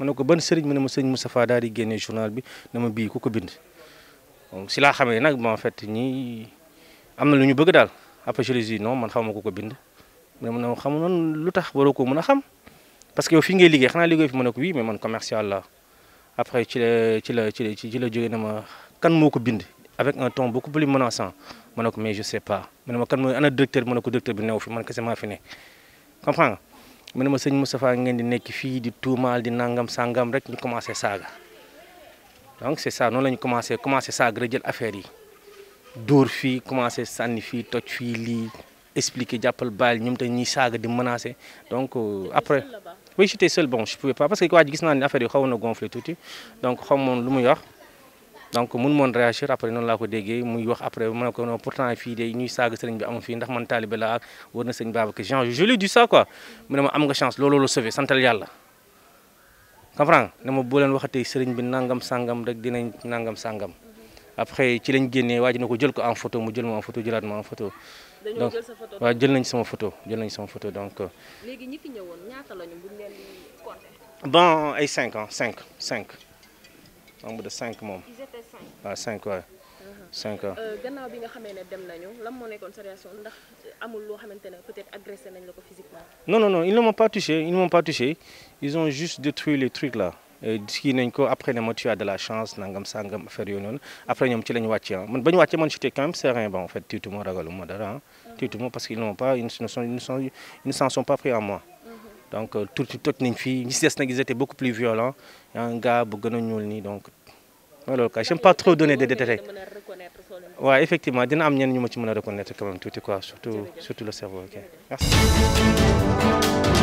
Je ne ko ban serigne je ne di journal bi dama bi ko ko bind donc si nag en fait ni amna luñu bëgg après je dis non man je ko bind je man xam non lutax ne ko xam parce que yow ngay liggé xana liggé fi mané ko wi mais man commercial la après ci la ci la ci ci la jógee na kan moko bind avec un ton beaucoup plus menaçant ma mais je sais pas Je ne kan directeur directeur bi new fi man fi comprends mu ne ma sëñ Moustapha ngeen di nekk fii di tuumaal di nangam sangam rek ñu commencé saga. donc c'est ça noonu la ñu commencé commencé saaga rek jël affaire yi dóor fii commencé sànni fii toj fii expliquer jàppal baal ñoom te ñuy saga di menacer donc euh, après oui j'étais seul bon je pouvais pas parce que waa ji gis naa affaire yi xawoon na gonflé tuuti donc xamoon lu muy wax donc mun moon réagir après non la ko déggee muy wax après ma ko pourtant fi dé ñuy saaga sëriñ bi amu fi ndax man talibé la ak war na sëriñ Babacar genre je lui dis ça quoi mu ma am nga chance looloo lo sauver santal yalla comprend ne mo bo len waxatee sëriñ bi nangam sangam rek dinañ nangam sangam après ci lañ génnee waa nako jël ko en photo mu jël mo en photo jëlat mo en photo donc wa jël nañ sama photo jël nañ sama photo donc euh. légui ñi fi ñëwoon ñaata lañu buñ leen di compter bon ay 5 ans 5 5 nombre de cinq moom. ils étaient cinq. Ah, cinq waay. Uh-huh. cinq Euh, gannaaw bi nga xamé né dem nañu lan mo nekkoon sa réaction ndax amul lo xamante ne peut-être agressé nañ lako physiquement. non non non ils ne m'ont pas touché ils ne m'ont pas touché ils ont juste détruit les trucs là kii nañ ko après ne ma tu as de la chance nangam sangam affaire yooyu noonu après ñoom ci la ñu wàccee ah man ba ñu wàccee man j'étais quand même serein bon en fait tiituma ragaluma dara ah. Uh-huh. tiituma parce qu'ils n'ont pas ils ne sont ils ne s'en sont pas pris à moi. Uh-huh. donc euh, tout tout toj nañ si des nag ils étaient beaucoup plus violents y a un gars bu gën a ñuul donc voilà, loolu kay pas trop donner des détails Ouais, effectivement dina am ñenn ñu ma ci mën reconnaître quand même quoi surtout surtout le cerveau ok merci